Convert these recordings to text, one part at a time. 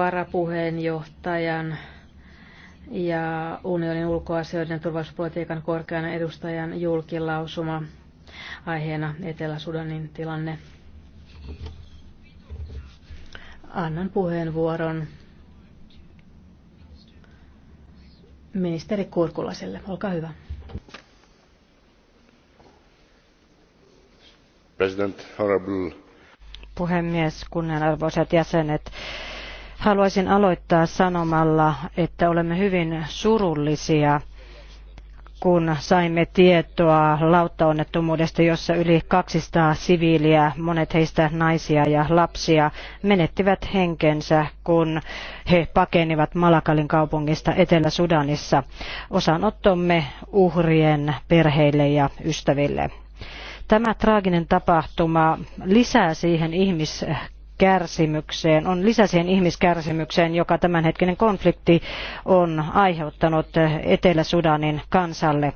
varapuheenjohtajan ja unionin ulkoasioiden ja turvallisuuspolitiikan korkean edustajan julkilausuma aiheena Etelä-Sudanin tilanne. Annan puheenvuoron ministeri Kurkulaiselle. Olkaa hyvä. President, honorable puhemies, kunnianarvoisat jäsenet. Haluaisin aloittaa sanomalla, että olemme hyvin surullisia, kun saimme tietoa lauttaonnettomuudesta, jossa yli 200 siviiliä, monet heistä naisia ja lapsia, menettivät henkensä, kun he pakenivat Malakalin kaupungista Etelä-Sudanissa. Osanottomme uhrien perheille ja ystäville tämä traaginen tapahtuma lisää siihen ihmis kärsimykseen, on lisäseen ihmiskärsimykseen, joka tämänhetkinen konflikti on aiheuttanut Etelä-Sudanin kansalle.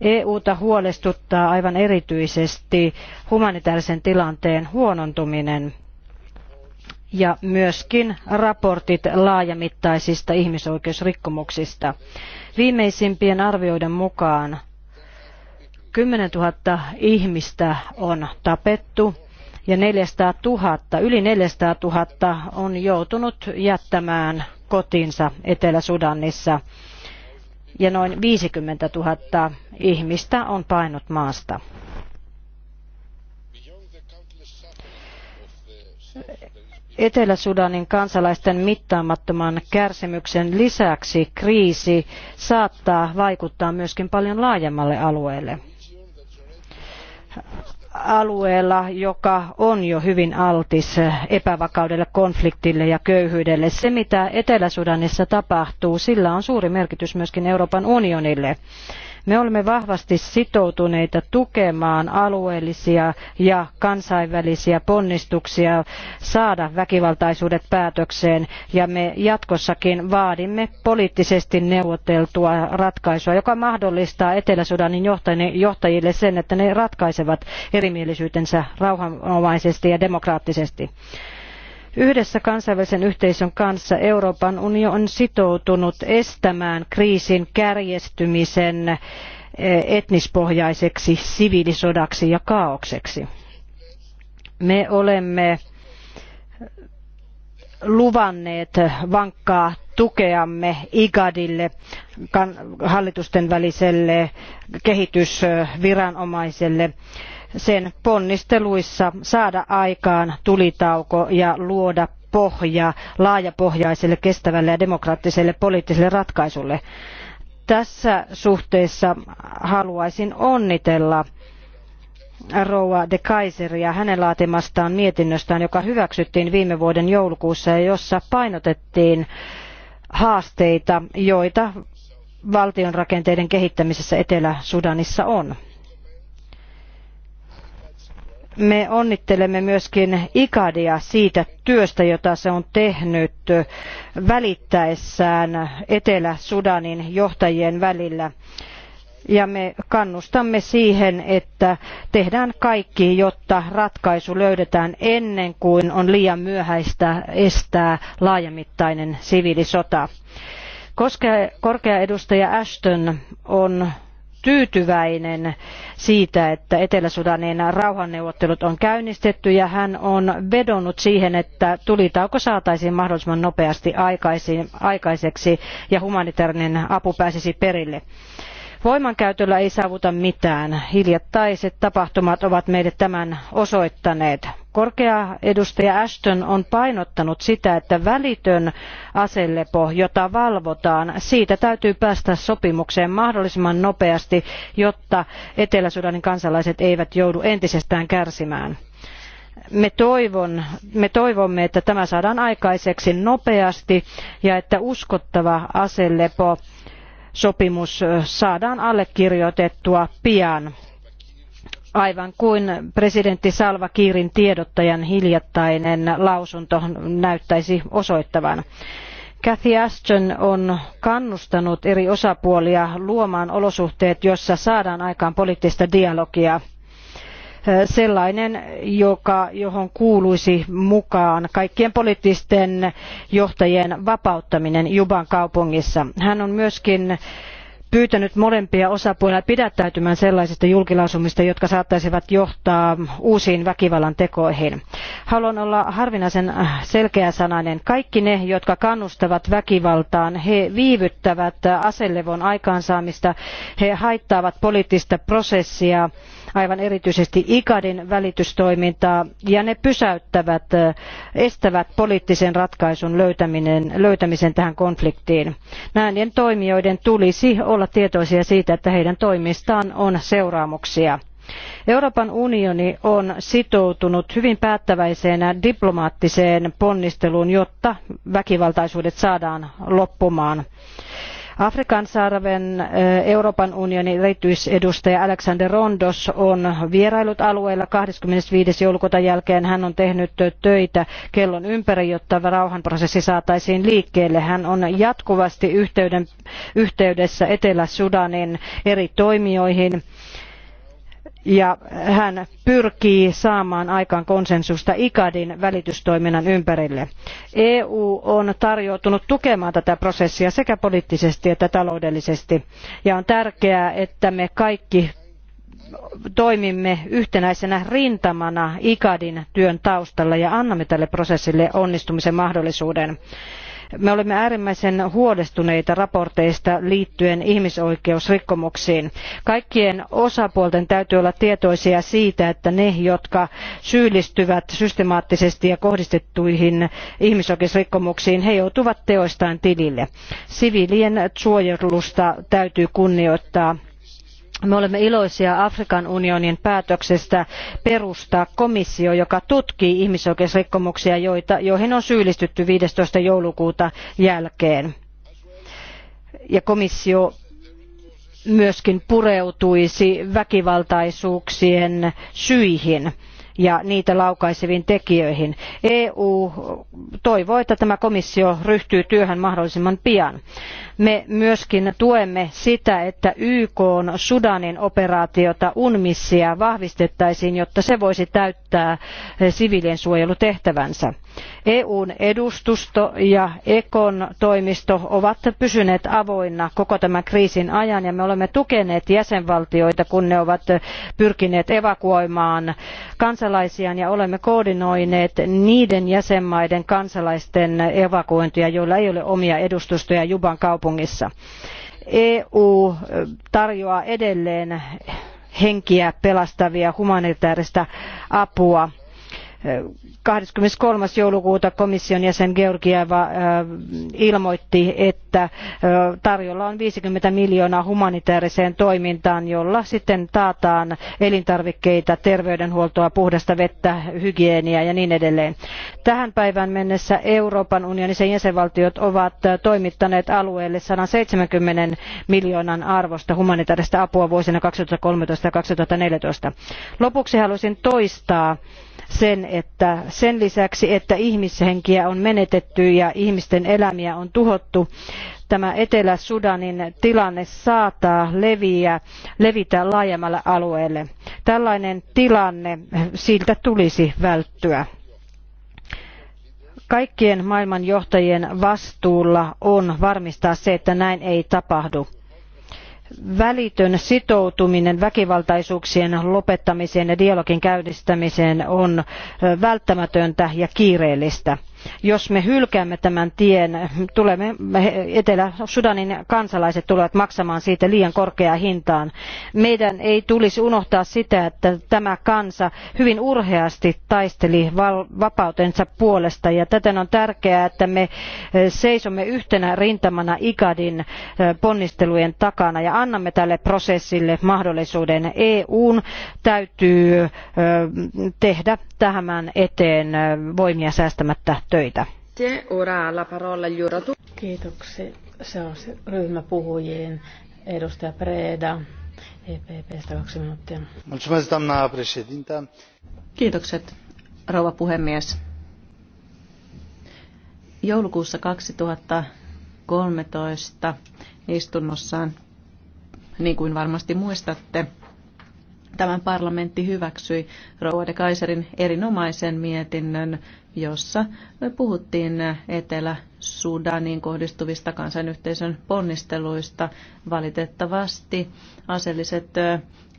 EUta huolestuttaa aivan erityisesti humanitaarisen tilanteen huonontuminen ja myöskin raportit laajamittaisista ihmisoikeusrikkomuksista. Viimeisimpien arvioiden mukaan 10 000 ihmistä on tapettu, ja 400 000, yli 400 000 on joutunut jättämään kotinsa Etelä-Sudanissa ja noin 50 000 ihmistä on painut maasta. Etelä-Sudanin kansalaisten mittaamattoman kärsimyksen lisäksi kriisi saattaa vaikuttaa myöskin paljon laajemmalle alueelle alueella, joka on jo hyvin altis epävakaudelle, konfliktille ja köyhyydelle. Se, mitä Etelä-Sudanissa tapahtuu, sillä on suuri merkitys myöskin Euroopan unionille. Me olemme vahvasti sitoutuneita tukemaan alueellisia ja kansainvälisiä ponnistuksia saada väkivaltaisuudet päätökseen ja me jatkossakin vaadimme poliittisesti neuvoteltua ratkaisua, joka mahdollistaa Etelä-Sudanin johtajille sen, että ne ratkaisevat erimielisyytensä rauhanomaisesti ja demokraattisesti. Yhdessä kansainvälisen yhteisön kanssa Euroopan unioni on sitoutunut estämään kriisin kärjestymisen eh, etnispohjaiseksi siviilisodaksi ja kaaokseksi. Me olemme luvanneet vankkaa tukeamme IGADille, hallitusten väliselle kehitysviranomaiselle sen ponnisteluissa saada aikaan tulitauko ja luoda pohja laajapohjaiselle kestävälle ja demokraattiselle poliittiselle ratkaisulle. Tässä suhteessa haluaisin onnitella rouva de Kaiseria hänen laatimastaan mietinnöstään, joka hyväksyttiin viime vuoden joulukuussa ja jossa painotettiin haasteita, joita valtionrakenteiden kehittämisessä Etelä-Sudanissa on. Me onnittelemme myöskin Ikadia siitä työstä, jota se on tehnyt välittäessään Etelä-Sudanin johtajien välillä ja me kannustamme siihen, että tehdään kaikki, jotta ratkaisu löydetään ennen kuin on liian myöhäistä estää laajamittainen siviilisota. Koska korkea edustaja Ashton on tyytyväinen siitä, että Etelä-Sudanin rauhanneuvottelut on käynnistetty ja hän on vedonnut siihen, että tulitauko saataisiin mahdollisimman nopeasti aikaiseksi ja humanitaarinen apu pääsisi perille. Voimankäytöllä ei saavuta mitään. Hiljattaiset tapahtumat ovat meille tämän osoittaneet. Korkea edustaja Ashton on painottanut sitä, että välitön asellepo, jota valvotaan, siitä täytyy päästä sopimukseen mahdollisimman nopeasti, jotta Etelä-Sudanin kansalaiset eivät joudu entisestään kärsimään. Me, toivon, me, toivomme, että tämä saadaan aikaiseksi nopeasti ja että uskottava aselepo sopimus saadaan allekirjoitettua pian aivan kuin presidentti Salva Kiirin tiedottajan hiljattainen lausunto näyttäisi osoittavan. Cathy Ashton on kannustanut eri osapuolia luomaan olosuhteet, jossa saadaan aikaan poliittista dialogia – sellainen, joka, johon kuuluisi mukaan kaikkien poliittisten johtajien vapauttaminen Juban kaupungissa. Hän on myöskin pyytänyt molempia osapuolia pidättäytymään sellaisista julkilausumista, jotka saattaisivat johtaa uusiin väkivallan tekoihin. Haluan olla harvinaisen selkeäsanainen. Kaikki ne, jotka kannustavat väkivaltaan, he viivyttävät aselevon aikaansaamista, he haittaavat poliittista prosessia aivan erityisesti ICADin välitystoimintaa ja ne pysäyttävät, estävät poliittisen ratkaisun löytämisen tähän konfliktiin. Näiden toimijoiden tulisi olla tietoisia siitä, että heidän toimistaan on seuraamuksia. Euroopan unioni on sitoutunut hyvin päättäväiseenä diplomaattiseen ponnisteluun, jotta väkivaltaisuudet saadaan loppumaan. Afrikan sarven eh, Euroopan unionin erityisedustaja Alexander Rondos on vierailut alueella kaksikymmentäviisi joulukuuta jälkeen. Hän on tehnyt töitä kellon ympäri, jotta rauhanprosessi saataisiin liikkeelle. Hän on jatkuvasti yhteydessä Etelä-Sudanin eri toimijoihin ja hän pyrkii saamaan aikaan konsensusta igadin välitystoiminnan ympärille. EU on tarjoutunut tukemaan tätä prosessia sekä poliittisesti että taloudellisesti ja on tärkeää, että me kaikki toimimme yhtenäisenä rintamana igadin työn taustalla ja annamme tälle prosessille onnistumisen mahdollisuuden. Me olemme äärimmäisen huolestuneita raporteista liittyen ihmisoikeusrikkomuksiin. Kaikkien osapuolten täytyy olla tietoisia siitä, että ne, jotka syyllistyvät systemaattisesti ja kohdistettuihin ihmisoikeusrikkomuksiin, he joutuvat teoistaan tilille. Siviilien suojelusta täytyy kunnioittaa me olemme iloisia Afrikan unionin päätöksestä perustaa komissio, joka tutkii ihmisoikeusrikkomuksia, joita, joihin on syyllistytty 15. joulukuuta jälkeen. Ja komissio myöskin pureutuisi väkivaltaisuuksien syihin ja niitä laukaiseviin tekijöihin. EU toivoo, että tämä komissio ryhtyy työhön mahdollisimman pian. Me myöskin tuemme sitä, että YK on Sudanin operaatiota UNMISSia vahvistettaisiin, jotta se voisi täyttää siviilien suojelutehtävänsä. EUn edustusto ja Ekon toimisto ovat pysyneet avoinna koko tämän kriisin ajan ja me olemme tukeneet jäsenvaltioita, kun ne ovat pyrkineet evakuoimaan kansalaiset kansalaisiaan ja olemme koordinoineet niiden jäsenmaiden kansalaisten evakuointia, joilla ei ole omia edustustoja Juban kaupungissa. EU tarjoaa edelleen henkiä pelastavia humanitaarista apua 23. joulukuuta komission jäsen Georgieva äh, ilmoitti, että äh, tarjolla on 50 miljoonaa humanitaariseen toimintaan, jolla sitten taataan elintarvikkeita, terveydenhuoltoa, puhdasta vettä, hygieniaa ja niin edelleen. Tähän päivään mennessä Euroopan unionin jäsenvaltiot ovat äh, toimittaneet alueelle 170 miljoonan arvosta humanitaarista apua vuosina 2013 ja 2014. Lopuksi haluaisin toistaa sen, että sen lisäksi, että ihmishenkiä on menetetty ja ihmisten elämiä on tuhottu, tämä Etelä-Sudanin tilanne saattaa leviä, levitä laajemmalle alueelle. Tällainen tilanne, siltä tulisi välttyä kaikkien maailman johtajien vastuulla on varmistaa se, että näin ei tapahdu välitön sitoutuminen väkivaltaisuuksien lopettamiseen ja dialogin käynnistämiseen on välttämätöntä ja kiireellistä jos me hylkäämme tämän tien, tulemme Etelä-Sudanin kansalaiset tulevat maksamaan siitä liian korkeaa hintaan. Meidän ei tulisi unohtaa sitä, että tämä kansa hyvin urheasti taisteli vapautensa puolesta ja täten on tärkeää, että me eh, seisomme yhtenä rintamana IGADin eh, ponnistelujen takana ja annamme tälle prosessille mahdollisuuden. EUn täytyy eh, tehdä tähän eteen voimia säästämättä töitä. Kiitoksia. Se on se ryhmäpuhujien edustaja Preda, EPPstä kaksi minuuttia. Kiitokset, rouva puhemies. Joulukuussa 2013 istunnossaan, niin kuin varmasti muistatte, tämän parlamentti hyväksyi Rouva de Kaiserin erinomaisen mietinnön, jossa puhuttiin Etelä-Sudaniin kohdistuvista kansanyhteisön ponnisteluista. Valitettavasti aseelliset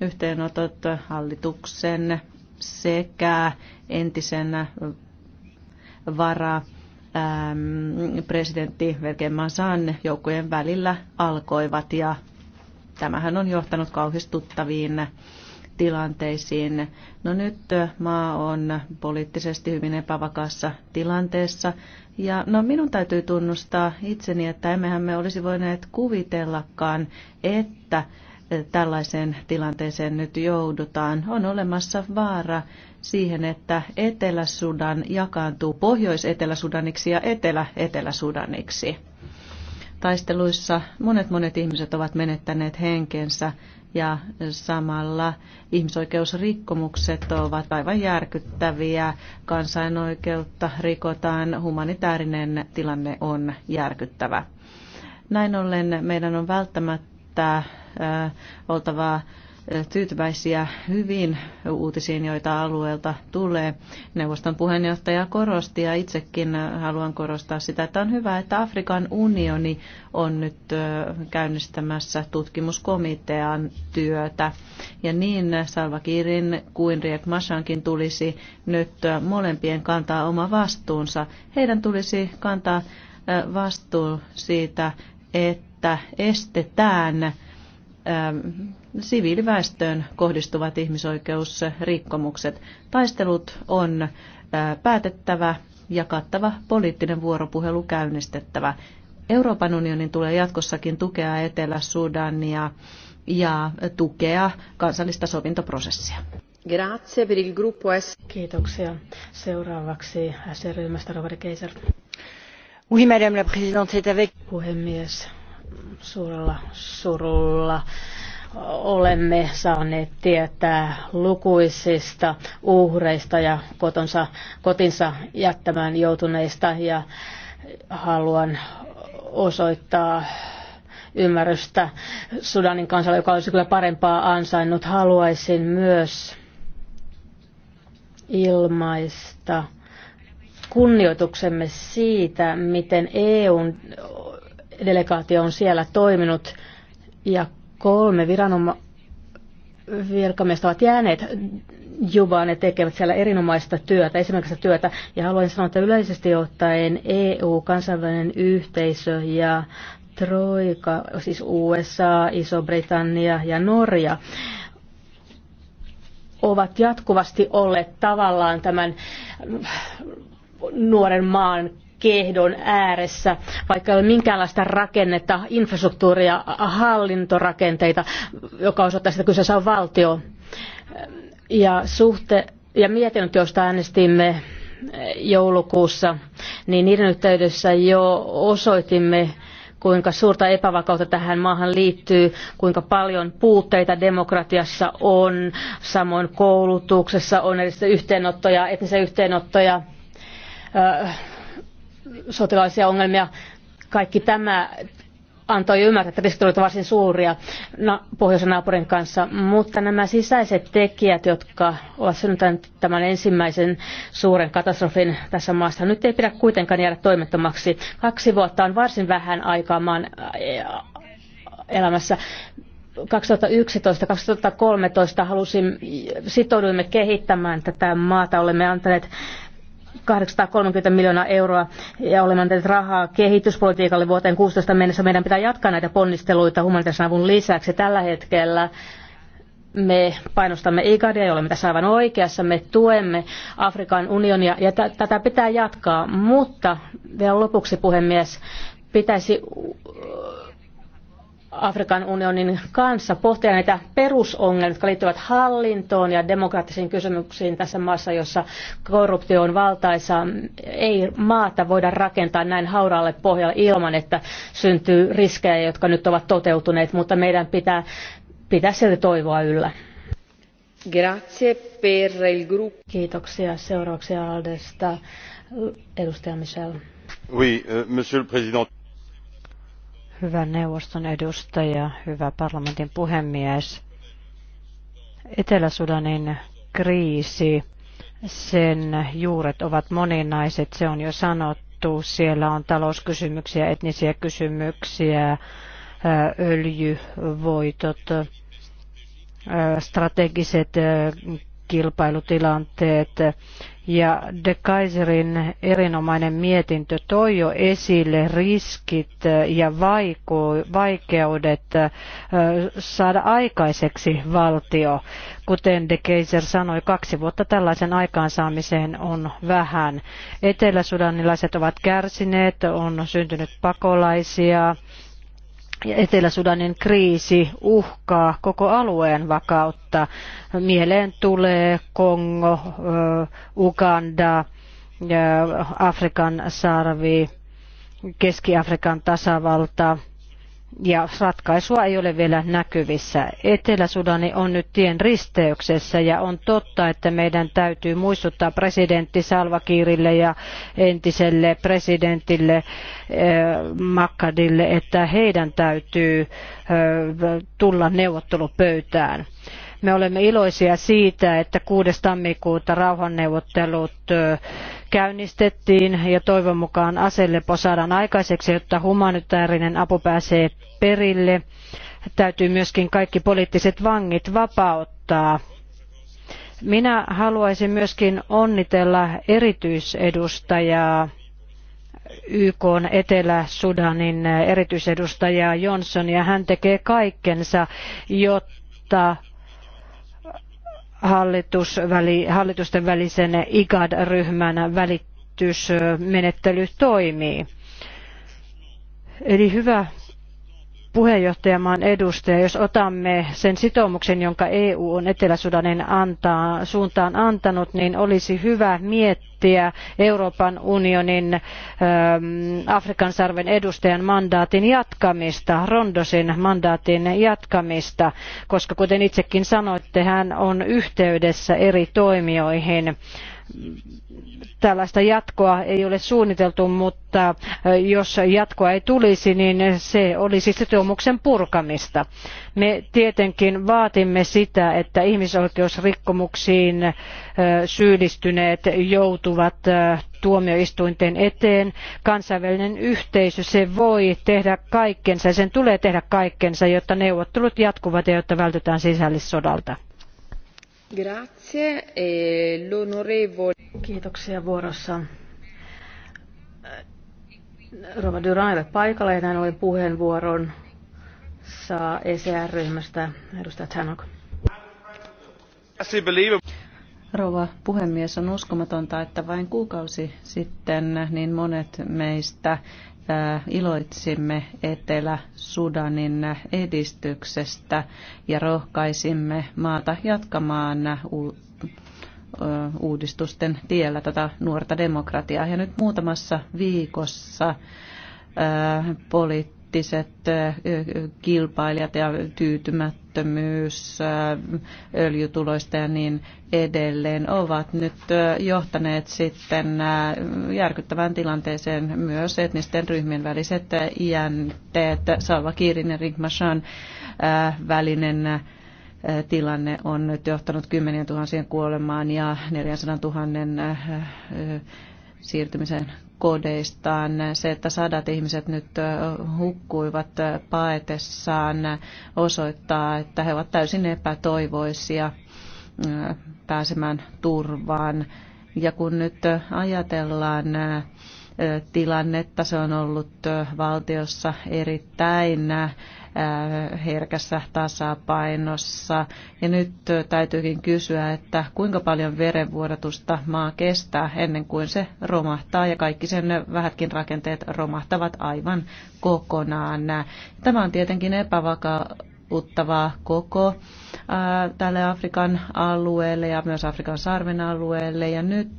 yhteenotot hallituksen sekä entisen vara presidentti Verkemansan joukkojen välillä alkoivat ja tämähän on johtanut kauhistuttaviin tilanteisiin. No nyt maa on poliittisesti hyvin epävakaassa tilanteessa. Ja no minun täytyy tunnustaa itseni, että emmehän me olisi voineet kuvitellakaan, että tällaiseen tilanteeseen nyt joudutaan. On olemassa vaara siihen, että Etelä-Sudan jakaantuu Pohjois-Etelä-Sudaniksi ja Etelä-Etelä-Sudaniksi. Taisteluissa monet monet ihmiset ovat menettäneet henkensä ja samalla ihmisoikeusrikkomukset ovat aivan järkyttäviä. Kansainoikeutta rikotaan, humanitaarinen tilanne on järkyttävä. Näin ollen meidän on välttämättä oltava tyytyväisiä hyvin uutisiin, joita alueelta tulee. Neuvoston puheenjohtaja korosti ja itsekin haluan korostaa sitä, että on hyvä, että Afrikan unioni on nyt käynnistämässä tutkimuskomitean työtä. Ja niin Salva Kirin kuin Riek Mashankin tulisi nyt molempien kantaa oma vastuunsa. Heidän tulisi kantaa vastuu siitä, että estetään Ähm, siviiliväestöön kohdistuvat ihmisoikeusrikkomukset. Taistelut on äh, päätettävä ja kattava poliittinen vuoropuhelu käynnistettävä. Euroopan unionin tulee jatkossakin tukea Etelä-Sudania ja tukea kansallista sovintoprosessia. Grazie per il gruppo S. Kiitoksia. Seuraavaksi S-ryhmästä Robert Keiser. Oui, madame la présidente, c'est avec... Puhemies, suurella surulla olemme saaneet tietää lukuisista uhreista ja kotonsa, kotinsa jättämään joutuneista ja haluan osoittaa ymmärrystä Sudanin kansalle, joka olisi kyllä parempaa ansainnut. Haluaisin myös ilmaista kunnioituksemme siitä, miten EUn delegaatio on siellä toiminut ja kolme viranoma- virkamiestä ovat jääneet Jubaan ja tekevät siellä erinomaista työtä, esimerkiksi työtä. Ja haluan sanoa, että yleisesti ottaen EU, kansainvälinen yhteisö ja Troika, siis USA, Iso-Britannia ja Norja, ovat jatkuvasti olleet tavallaan tämän nuoren maan kehdon ääressä, vaikka ei ole minkäänlaista rakennetta, infrastruktuuria, hallintorakenteita, joka osoittaa, että kyseessä on valtio. Ja, suhte, ja mietinnöt, joista äänestimme joulukuussa, niin niiden yhteydessä jo osoitimme, kuinka suurta epävakautta tähän maahan liittyy, kuinka paljon puutteita demokratiassa on, samoin koulutuksessa on edellistä yhteenottoja, etnisiä yhteenottoja, sotilaallisia ongelmia. Kaikki tämä antoi ymmärtää, että riskit olivat varsin suuria no, pohjoisen naapurin kanssa, mutta nämä sisäiset tekijät, jotka ovat synnyttäneet tämän ensimmäisen suuren katastrofin tässä maassa, nyt ei pidä kuitenkaan jäädä toimettomaksi. Kaksi vuotta on varsin vähän aikaa maan elämässä. 2011-2013 halusin, sitouduimme kehittämään tätä maata. Olemme antaneet 830 miljoonaa euroa ja olemme antaneet rahaa kehityspolitiikalle vuoteen 16 mennessä. Meidän pitää jatkaa näitä ponnisteluita humanitaarisen avun lisäksi. Tällä hetkellä me painostamme IGADia ja olemme tässä aivan oikeassa. Me tuemme Afrikan unionia ja tätä pitää jatkaa, mutta vielä lopuksi puhemies pitäisi Afrikan unionin kanssa pohtia näitä perusongelmia, jotka liittyvät hallintoon ja demokraattisiin kysymyksiin tässä maassa, jossa korruptio on valtaisa. Ei maata voida rakentaa näin hauraalle pohjalle ilman, että syntyy riskejä, jotka nyt ovat toteutuneet, mutta meidän pitää pitää silti toivoa yllä. Grazie per il gruppo. Kiitoksia. Seuraavaksi Aldesta edustaja Michel. Oui, euh, monsieur le président. Hyvä neuvoston edustaja, hyvä parlamentin puhemies. Etelä-Sudanin kriisi, sen juuret ovat moninaiset, se on jo sanottu. Siellä on talouskysymyksiä, etnisiä kysymyksiä, öljyvoitot, strategiset kilpailutilanteet ja De Kaiserin erinomainen mietintö toi jo esille riskit ja vaikeudet saada aikaiseksi valtio. Kuten De Kaiser sanoi, kaksi vuotta tällaisen aikaansaamiseen on vähän. Etelä-sudanilaiset ovat kärsineet, on syntynyt pakolaisia, Etelä-Sudanin kriisi uhkaa koko alueen vakautta. Mieleen tulee Kongo, Uganda, Afrikan sarvi, Keski-Afrikan tasavalta – ja ratkaisua ei ole vielä näkyvissä. Etelä-Sudani on nyt tien risteyksessä ja on totta, että meidän täytyy muistuttaa presidentti Salvakiirille ja entiselle presidentille eh, Makkadille, että heidän täytyy eh, tulla neuvottelupöytään. Me olemme iloisia siitä, että 6. tammikuuta rauhanneuvottelut käynnistettiin ja toivon mukaan aselepo saadaan aikaiseksi, jotta humanitaarinen apu pääsee perille. Täytyy myöskin kaikki poliittiset vangit vapauttaa. Minä haluaisin myöskin onnitella erityisedustajaa YK Etelä-Sudanin erityisedustaja Johnson ja hän tekee kaikkensa, jotta hallitusten välisen IGAD-ryhmän välitysmenettely toimii. Eli hyvä puheenjohtajamaan edustaja, jos otamme sen sitoumuksen, jonka EU on Etelä-Sudanin antaa, suuntaan antanut, niin olisi hyvä miettiä Euroopan unionin ähm, Afrikan sarven edustajan mandaatin jatkamista, Rondosin mandaatin jatkamista, koska kuten itsekin sanoitte, hän on yhteydessä eri toimijoihin tällaista jatkoa ei ole suunniteltu, mutta jos jatkoa ei tulisi, niin se olisi sitoumuksen purkamista. Me tietenkin vaatimme sitä, että ihmisoikeusrikkomuksiin syyllistyneet joutuvat tuomioistuinten eteen. Kansainvälinen yhteisö, se voi tehdä kaikkensa ja sen tulee tehdä kaikkensa, jotta neuvottelut jatkuvat ja jotta vältytään sisällissodalta. E Kiitoksia vuorossa. Rova Duranille paikalle ja näin ollen puheenvuoron saa ECR-ryhmästä edustaja Tanok. Rova puhemies, on uskomatonta, että vain kuukausi sitten niin monet meistä iloitsimme Etelä-Sudanin edistyksestä ja rohkaisimme maata jatkamaan uudistusten tiellä tätä nuorta demokratiaa. Ja nyt muutamassa viikossa poliittisesti poliittiset kilpailijat ja tyytymättömyys öljytuloista ja niin edelleen ovat nyt johtaneet sitten järkyttävään tilanteeseen myös etnisten ryhmien väliset jänteet. Salva Kiirin ja Rikmashan välinen tilanne on nyt johtanut kymmenien tuhansien kuolemaan ja 400 000 siirtymiseen kodeistaan. Se, että sadat ihmiset nyt hukkuivat paetessaan, osoittaa, että he ovat täysin epätoivoisia pääsemään turvaan. Ja kun nyt ajatellaan tilannetta. Se on ollut valtiossa erittäin herkässä tasapainossa. Ja nyt täytyykin kysyä, että kuinka paljon verenvuodatusta maa kestää ennen kuin se romahtaa ja kaikki sen vähätkin rakenteet romahtavat aivan kokonaan. Tämä on tietenkin epävakauttavaa koko tälle Afrikan alueelle ja myös Afrikan sarven alueelle. Ja nyt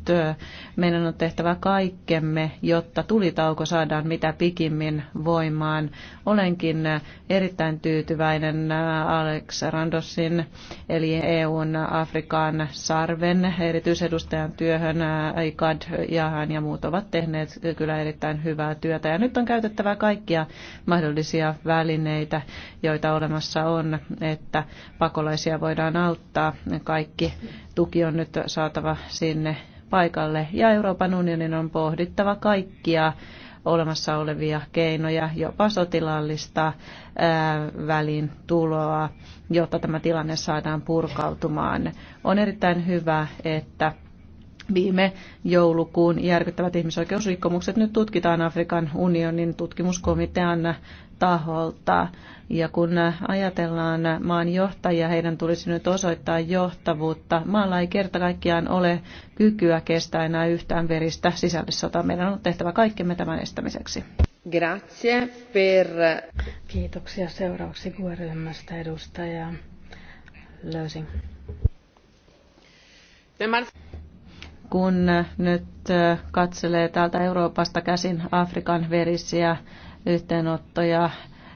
meidän on tehtävä kaikkemme, jotta tulitauko saadaan mitä pikimmin voimaan. Olenkin erittäin tyytyväinen Alex Randossin eli EUn Afrikan sarven erityisedustajan työhön. ICAD ja hän ja muut ovat tehneet kyllä erittäin hyvää työtä. Ja nyt on käytettävä kaikkia mahdollisia välineitä, joita olemassa on, että pakolaiset vammaisia voidaan auttaa. Kaikki tuki on nyt saatava sinne paikalle ja Euroopan unionin on pohdittava kaikkia olemassa olevia keinoja, jopa sotilaallista ää, tuloa, jotta tämä tilanne saadaan purkautumaan. On erittäin hyvä, että Viime joulukuun järkyttävät ihmisoikeusrikkomukset nyt tutkitaan Afrikan unionin tutkimuskomitean taholta. Ja kun ajatellaan maan johtajia, heidän tulisi nyt osoittaa johtavuutta. Maalla ei kerta kaikkiaan ole kykyä kestää enää yhtään veristä sisällissotaa. Meidän on tehtävä kaikkemme tämän estämiseksi. Grazie per... Kiitoksia seuraavaksi kuoryhmästä edustaja Löysin. Kun nyt katselee täältä Euroopasta käsin Afrikan verisiä yhteenottoja,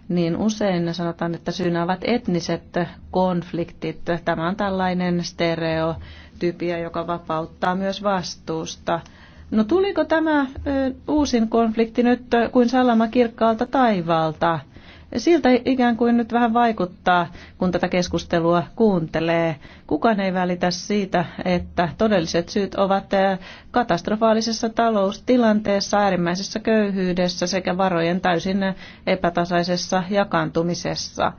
niin usein ne sanotaan, että syynä ovat etniset konfliktit. Tämä on tällainen stereotypia, joka vapauttaa myös vastuusta. No tuliko tämä uusin konflikti nyt kuin salama kirkkaalta taivaalta? Siltä ikään kuin nyt vähän vaikuttaa, kun tätä keskustelua kuuntelee. Kukaan ei välitä siitä, että todelliset syyt ovat eh, katastrofaalisessa taloustilanteessa, äärimmäisessä köyhyydessä sekä varojen täysin eh, epätasaisessa jakantumisessa.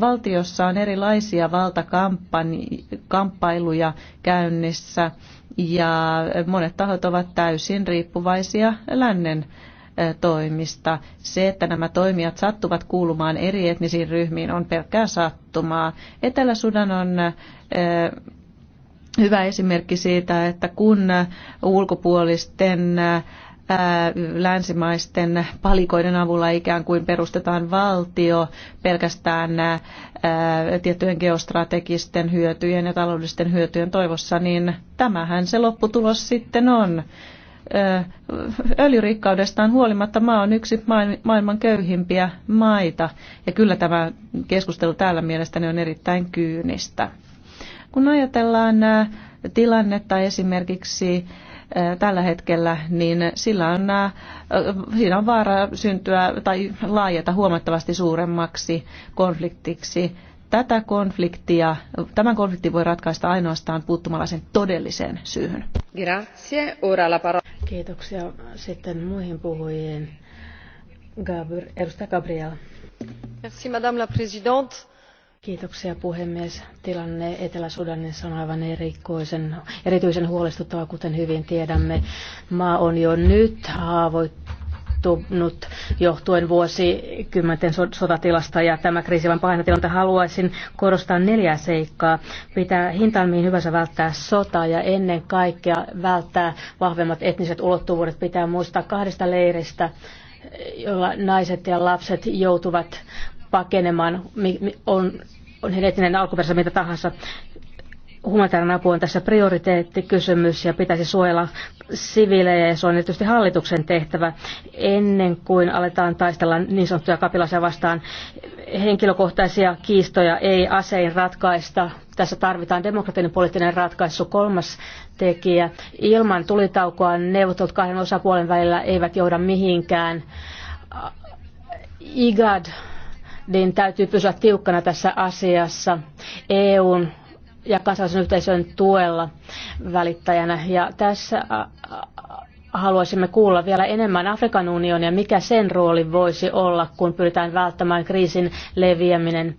Valtiossa on erilaisia valtakamppailuja käynnissä ja monet tahot ovat täysin riippuvaisia lännen toimista. Se, että nämä toimijat sattuvat kuulumaan eri etnisiin ryhmiin, on pelkkää sattumaa. Etelä-Sudan on hyvä esimerkki siitä, että kun ulkopuolisten länsimaisten palikoiden avulla ikään kuin perustetaan valtio pelkästään tiettyjen geostrategisten hyötyjen ja taloudellisten hyötyjen toivossa, niin tämähän se lopputulos sitten on öljyrikkaudestaan huolimatta maa on yksi maailman köyhimpiä maita. Ja kyllä tämä keskustelu täällä mielestäni on erittäin kyynistä. Kun ajatellaan tilannetta esimerkiksi tällä hetkellä, niin sillä on, siinä on vaara syntyä tai laajeta huomattavasti suuremmaksi konfliktiksi Tätä konfliktia, tämän konfliktin voi ratkaista ainoastaan puuttumalla sen todelliseen syyhyn. Grazie. la parola. Kiitoksia sitten muihin puhujiin. Gabr, edustaja Gabriel. Merci, madame la présidente. Kiitoksia puhemies. Tilanne Etelä-Sudanissa on aivan erikoisen, erityisen huolestuttava, kuten hyvin tiedämme. Maa on jo nyt haavoittunut tapahtunut johtuen vuosikymmenten sotatilasta ja tämä kriisi vain pahina Haluaisin korostaa neljää seikkaa. Pitää hintaan mihin hyvänsä välttää sotaa ja ennen kaikkea välttää vahvemmat etniset ulottuvuudet. Pitää muistaa kahdesta leiristä, joilla naiset ja lapset joutuvat pakenemaan, on, on heidän etninen alkuperänsä mitä tahansa humanitaarinen apu on tässä prioriteettikysymys ja pitäisi suojella siviilejä ja se on tietysti hallituksen tehtävä ennen kuin aletaan taistella niin sanottuja kapilaisia vastaan. Henkilökohtaisia kiistoja ei asein ratkaista. Tässä tarvitaan demokraattinen poliittinen ratkaisu. Kolmas tekijä. Ilman tulitaukoa neuvottelut kahden osapuolen välillä eivät johda mihinkään. IGAD niin täytyy pysyä tiukkana tässä asiassa. EUn ja kansallisen yhteisön tuella välittäjänä. Ja tässä haluaisimme kuulla vielä enemmän Afrikan unionia, mikä sen rooli voisi olla, kun pyritään välttämään kriisin leviäminen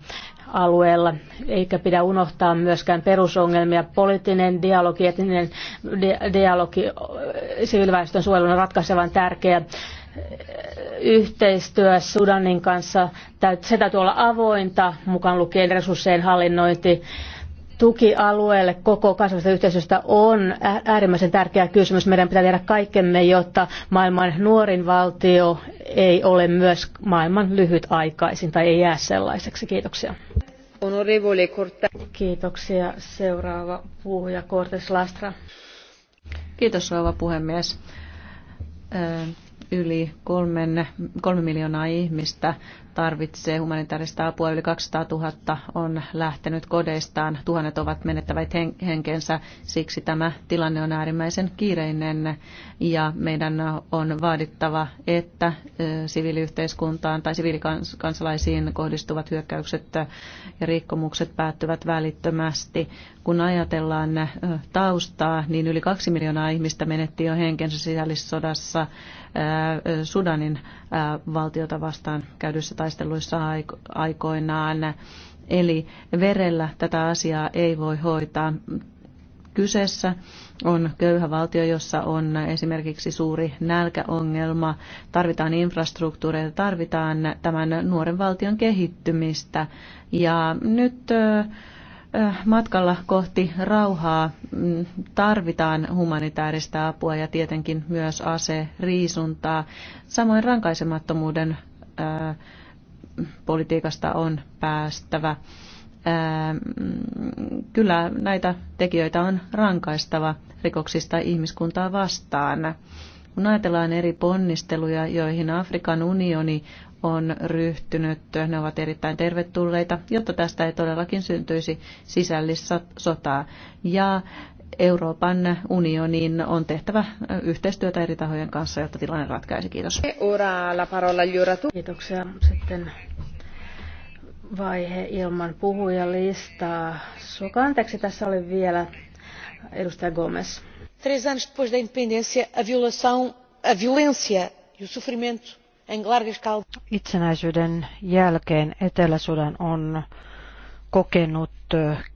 alueella, eikä pidä unohtaa myöskään perusongelmia. Poliittinen dialogi, etninen dialogi, siviiliväestön suojelu on ratkaisevan tärkeä. Yhteistyö Sudanin kanssa, se täytyy olla avointa, mukaan lukien resurssien hallinnointi tuki alueelle koko kansallisesta yhteisöstä on äärimmäisen tärkeä kysymys. Meidän pitää tehdä kaikkemme, jotta maailman nuorin valtio ei ole myös maailman lyhytaikaisin tai ei jää sellaiseksi. Kiitoksia. Kiitoksia. Seuraava puhuja Cortes Lastra. Kiitos rouva puhemies yli kolmen, kolme miljoonaa ihmistä tarvitsee humanitaarista apua. Yli 200 000 on lähtenyt kodeistaan. Tuhannet ovat menettävät henkensä. Siksi tämä tilanne on äärimmäisen kiireinen ja meidän on vaadittava, että siviiliyhteiskuntaan tai siviilikansalaisiin kohdistuvat hyökkäykset ja rikkomukset päättyvät välittömästi kun ajatellaan taustaa, niin yli kaksi miljoonaa ihmistä menetti jo henkensä sisällissodassa Sudanin valtiota vastaan käydyissä taisteluissa aikoinaan. Eli verellä tätä asiaa ei voi hoitaa. Kyseessä on köyhä valtio, jossa on esimerkiksi suuri nälkäongelma, tarvitaan infrastruktuureita, tarvitaan tämän nuoren valtion kehittymistä. Ja nyt matkalla kohti rauhaa mm, tarvitaan humanitaarista apua ja tietenkin myös aseriisuntaa. Samoin rankaisemattomuuden politiikasta on päästävä. Mm, kyllä näitä tekijöitä on rankaistava rikoksista ihmiskuntaa vastaan. Kun ajatellaan eri ponnisteluja, joihin Afrikan unioni on ryhtynyt. Ne ovat erittäin tervetulleita, jotta tästä ei todellakin syntyisi sisällissotaa. Ja Euroopan unionin on tehtävä yhteistyötä eri tahojen kanssa, jotta tilanne ratkaisi. Kiitos. Kiitoksia. Sitten vaihe ilman puhujalistaa. Suokaa anteeksi, tässä oli vielä edustaja Gomez. Três anos depois da independência, a violação, a violência e o sofrimento Itsenäisyyden jälkeen Etelä-Sudan on kokenut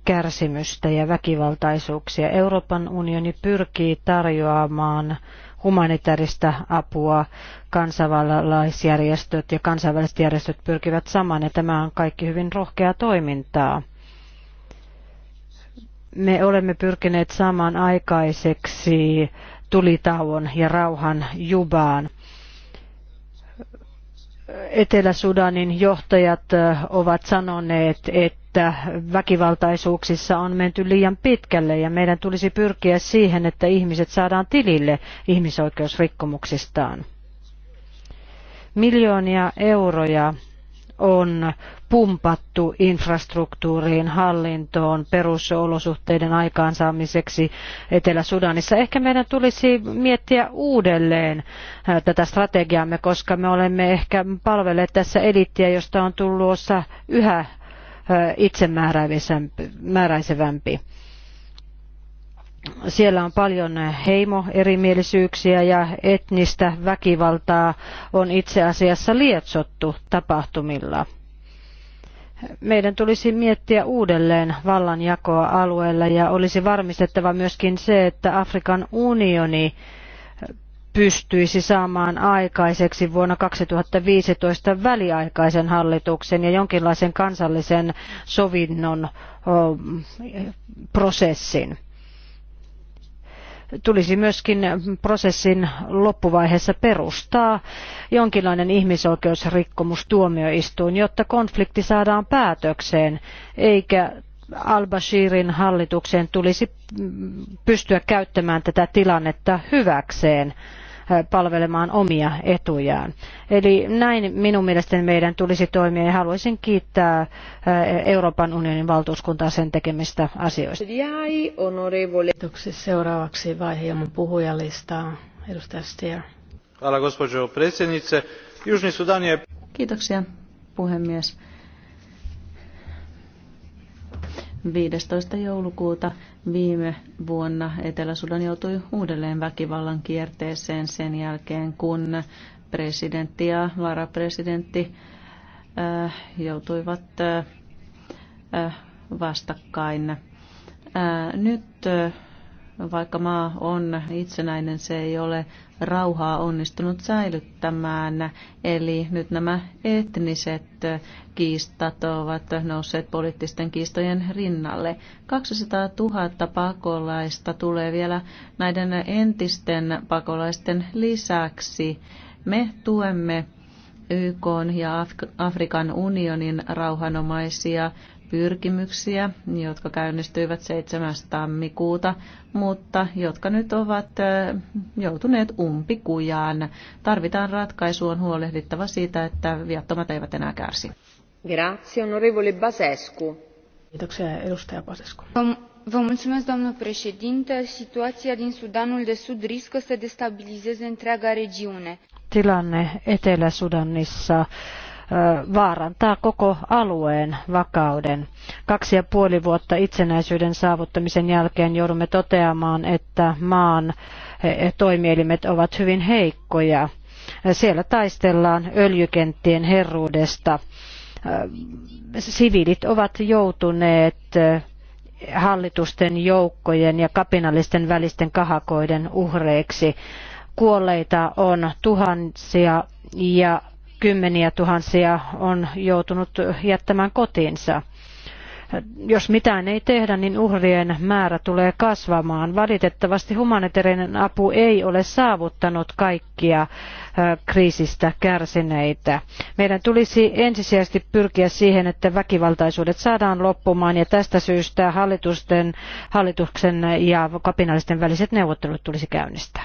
kärsimystä ja väkivaltaisuuksia. Euroopan unioni pyrkii tarjoamaan humanitaarista apua, kansainvälisjärjestöt ja kansainväliset järjestöt pyrkivät samaan ja tämä on kaikki hyvin rohkeaa toimintaa. Me olemme pyrkineet saamaan aikaiseksi tulitauon ja rauhan Jubaan. Etelä-Sudanin johtajat ovat sanoneet, että väkivaltaisuuksissa on menty liian pitkälle ja meidän tulisi pyrkiä siihen, että ihmiset saadaan tilille ihmisoikeusrikkomuksistaan. Miljoonia euroja on pumpattu infrastruktuuriin, hallintoon, perusolosuhteiden aikaansaamiseksi Etelä-Sudanissa. Ehkä meidän tulisi miettiä uudelleen tätä strategiamme, koska me olemme ehkä palvelleet tässä elittiä, josta on tullut osa yhä itsemääräisevämpi. Siellä on paljon heimoerimielisyyksiä ja etnistä väkivaltaa on itse asiassa lietsottu tapahtumilla. Meidän tulisi miettiä uudelleen vallanjakoa alueella ja olisi varmistettava myöskin se, että Afrikan unioni pystyisi saamaan aikaiseksi vuonna 2015 väliaikaisen hallituksen ja jonkinlaisen kansallisen sovinnon prosessin tulisi myöskin prosessin loppuvaiheessa perustaa jonkinlainen ihmisoikeusrikkomustuomioistuin, jotta konflikti saadaan päätökseen, eikä al-Bashirin hallituksen tulisi mm, pystyä käyttämään tätä tilannetta hyväkseen palvelemaan omia etujaan. Eli näin minun mielestäni meidän tulisi toimia ja haluaisin kiittää Euroopan unionin valtuuskuntaa sen tekemistä asioista. Kiitoksia. Seuraavaksi vaihe ilman puhujalistaa. Edustaja Stier. Kiitoksia puhemies 15. joulukuuta viime vuonna Etelä-Sudan joutui uudelleen väkivallan kierteeseen sen jälkeen, kun presidentti ja varapresidentti äh, joutuivat äh, äh, vastakkain. Nyt vaikka maa on itsenäinen, se ei ole rauhaa onnistunut säilyttämään. Eli nyt nämä etniset kiistat ovat nousseet poliittisten kiistojen rinnalle. 200 000 pakolaista tulee vielä näiden entisten pakolaisten lisäksi. Me tuemme YK ja Afrikan unionin rauhanomaisia pyrkimyksiä, jotka käynnistyivät 7. tammikuuta, mutta jotka nyt ovat joutuneet umpikujaan. Tarvitaan ratkaisu, on huolehdittava siitä, että viattomat eivät enää kärsi. Grazie, onorevole Basescu. Kiitoksia, edustaja Basescu. Vă mulțumesc, doamnă președintă. Situația din Sudanul de Sud riscă să destabilizeze întreaga regiune. Tilanne Etelä-Sudanissa vaarantaa koko alueen vakauden. Kaksi ja puoli vuotta itsenäisyyden saavuttamisen jälkeen joudumme toteamaan, että maan toimielimet ovat hyvin heikkoja. Siellä taistellaan öljykenttien herruudesta. Siviilit ovat joutuneet hallitusten joukkojen ja kapinallisten välisten kahakoiden uhreiksi. Kuolleita on tuhansia ja kymmeniä tuhansia on joutunut jättämään kotiinsa. Jos mitään ei tehdä, niin uhrien määrä tulee kasvamaan. Valitettavasti humanitaarinen apu ei ole saavuttanut kaikkia kriisistä kärsineitä. Meidän tulisi ensisijaisesti pyrkiä siihen, että väkivaltaisuudet saadaan loppumaan ja tästä syystä hallitusten, hallituksen ja kapinallisten väliset neuvottelut tulisi käynnistää.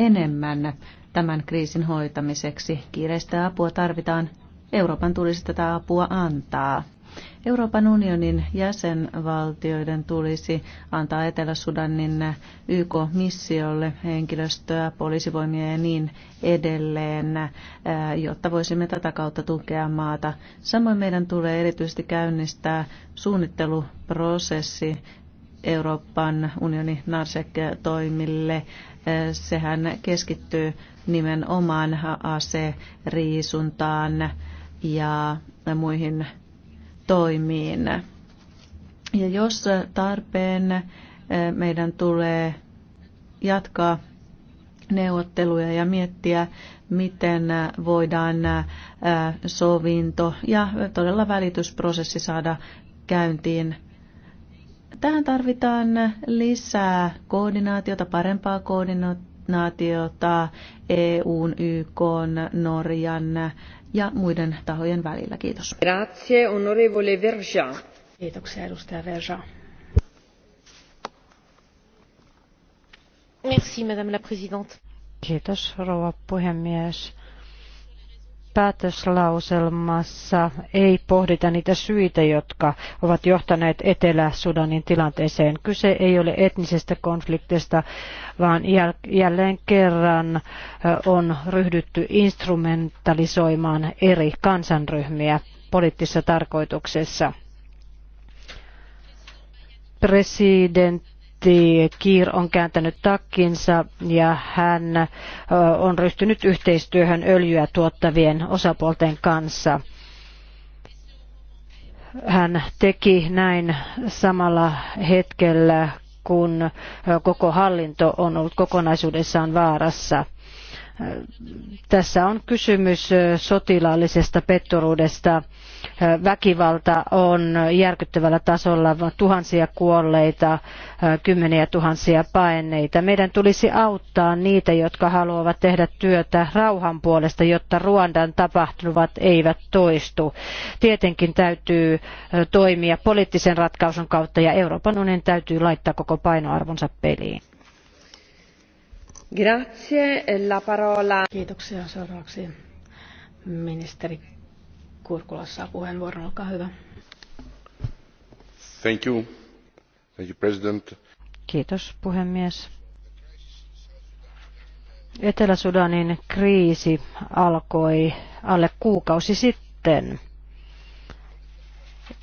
enemmän tämän kriisin hoitamiseksi. Kiireistä apua tarvitaan. Euroopan tulisi tätä apua antaa. Euroopan unionin jäsenvaltioiden tulisi antaa Etelä-Sudanin YK-missiolle henkilöstöä, poliisivoimia ja niin edelleen, eh, jotta voisimme tätä kautta tukea maata. Samoin meidän tulee erityisesti käynnistää suunnitteluprosessi Euroopan unionin narsek toimille sehän keskittyy nimenomaan aseriisuntaan ja muihin toimiin. Ja jos tarpeen, meidän tulee jatkaa neuvotteluja ja miettiä, miten voidaan sovinto ja todella välitysprosessi saada käyntiin Tähän tarvitaan lisää koordinaatiota, parempaa koordinaatiota EUn, YK, Norjan ja muiden tahojen välillä. Kiitos. Grazie, onorevole Verja. Kiitoksia, edustaja Verja. Merci, madame la présidente. Kiitos, rouva puhemies päätöslauselmassa ei pohdita niitä syitä, jotka ovat johtaneet Etelä-Sudanin tilanteeseen. Kyse ei ole etnisestä konfliktista, vaan jälleen kerran on ryhdytty instrumentalisoimaan eri kansanryhmiä poliittisessa tarkoituksessa. Presidentti presidentti Kiir on kääntänyt takkinsa ja hän on ryhtynyt yhteistyöhön öljyä tuottavien osapuolten kanssa. Hän teki näin samalla hetkellä, kun koko hallinto on ollut kokonaisuudessaan vaarassa. Tässä on kysymys sotilaallisesta petturuudesta. Väkivalta on järkyttävällä tasolla tuhansia kuolleita, kymmeniä tuhansia paenneita. Meidän tulisi auttaa niitä, jotka haluavat tehdä työtä rauhan puolesta, jotta Ruandan tapahtumat eivät toistu. Tietenkin täytyy toimia poliittisen ratkaisun kautta ja Euroopan unionin täytyy laittaa koko painoarvonsa peliin. Grazie, e la parola. Kiitoksia. Seuraavaksi ministeri Kurkula saa puheenvuoron. Olkaa hyvä. Thank you. Thank you, President. Kiitos puhemies. Etelä-Sudanin kriisi alkoi alle kuukausi sitten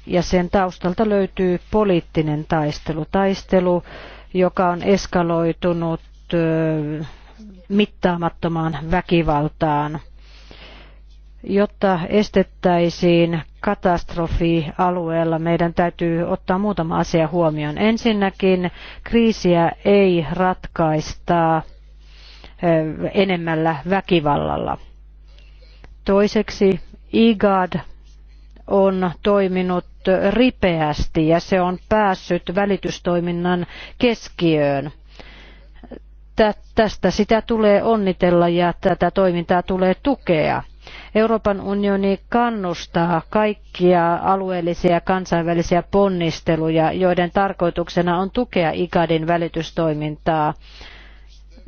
ja sen taustalta löytyy poliittinen taistelu. Taistelu, joka on eskaloitunut mittaamattomaan väkivaltaan. Jotta estettäisiin katastrofi alueella, meidän täytyy ottaa muutama asia huomioon. Ensinnäkin kriisiä ei ratkaista enemmällä väkivallalla. Toiseksi IGAD on toiminut ripeästi ja se on päässyt välitystoiminnan keskiöön tästä sitä tulee onnitella ja tätä toimintaa tulee tukea. Euroopan unioni kannustaa kaikkia alueellisia ja kansainvälisiä ponnisteluja, joiden tarkoituksena on tukea IGADin välitystoimintaa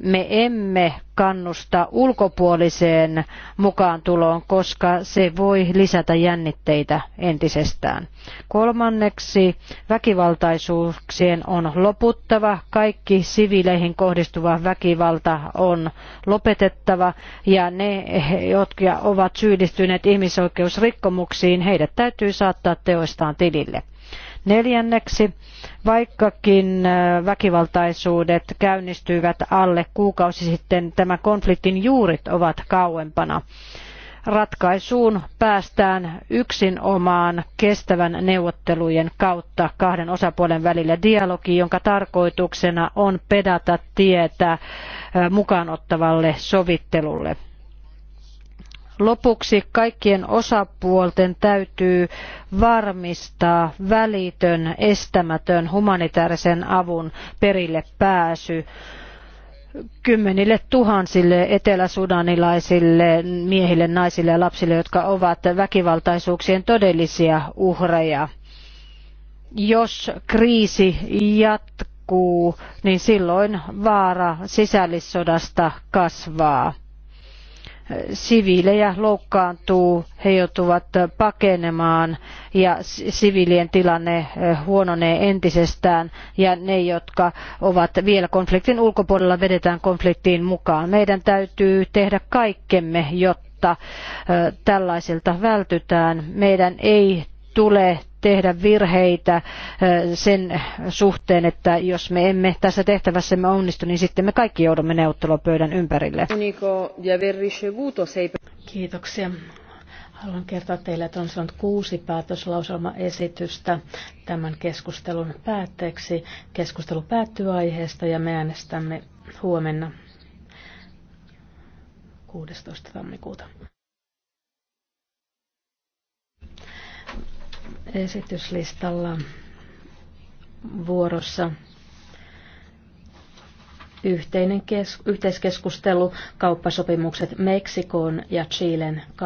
me emme kannusta ulkopuoliseen mukaantuloon, koska se voi lisätä jännitteitä entisestään. Kolmanneksi väkivaltaisuuksien on loputtava, kaikki siviileihin kohdistuva väkivalta on lopetettava ja ne, jotka ovat syyllistyneet ihmisoikeusrikkomuksiin, heidät täytyy saattaa teoistaan tilille. Neljänneksi, vaikkakin äh, väkivaltaisuudet käynnistyivät alle kuukausi sitten, tämän konfliktin juurit ovat kauempana. Ratkaisuun päästään yksinomaan kestävän neuvottelujen kautta kahden osapuolen välillä dialogi, jonka tarkoituksena on pedata tietä äh, mukaanottavalle sovittelulle. Lopuksi kaikkien osapuolten täytyy varmistaa välitön, estämätön humanitaarisen avun perille pääsy kymmenille tuhansille eteläsudanilaisille miehille, naisille ja lapsille, jotka ovat väkivaltaisuuksien todellisia uhreja. Jos kriisi jatkuu, niin silloin vaara sisällissodasta kasvaa siviilejä loukkaantuu, he joutuvat pakenemaan ja siviilien tilanne eh, huononee entisestään ja ne, jotka ovat vielä konfliktin ulkopuolella, vedetään konfliktiin mukaan. Meidän täytyy tehdä kaikkemme, jotta eh, tällaisilta vältytään. Meidän ei tule tehdä virheitä sen suhteen, että jos me emme tässä tehtävässämme onnistu, niin sitten me kaikki joudumme neuvottelupöydän ympärille. Kiitoksia. Haluan kertoa teille, että on saanut kuusi päätöslauselmaesitystä tämän keskustelun päätteeksi. Keskustelu päättyy aiheesta ja me äänestämme huomenna 16. tammikuuta. esityslistalla vuorossa yhteinen kes- yhteiskeskustelu kauppasopimukset Meksikon ja Chilen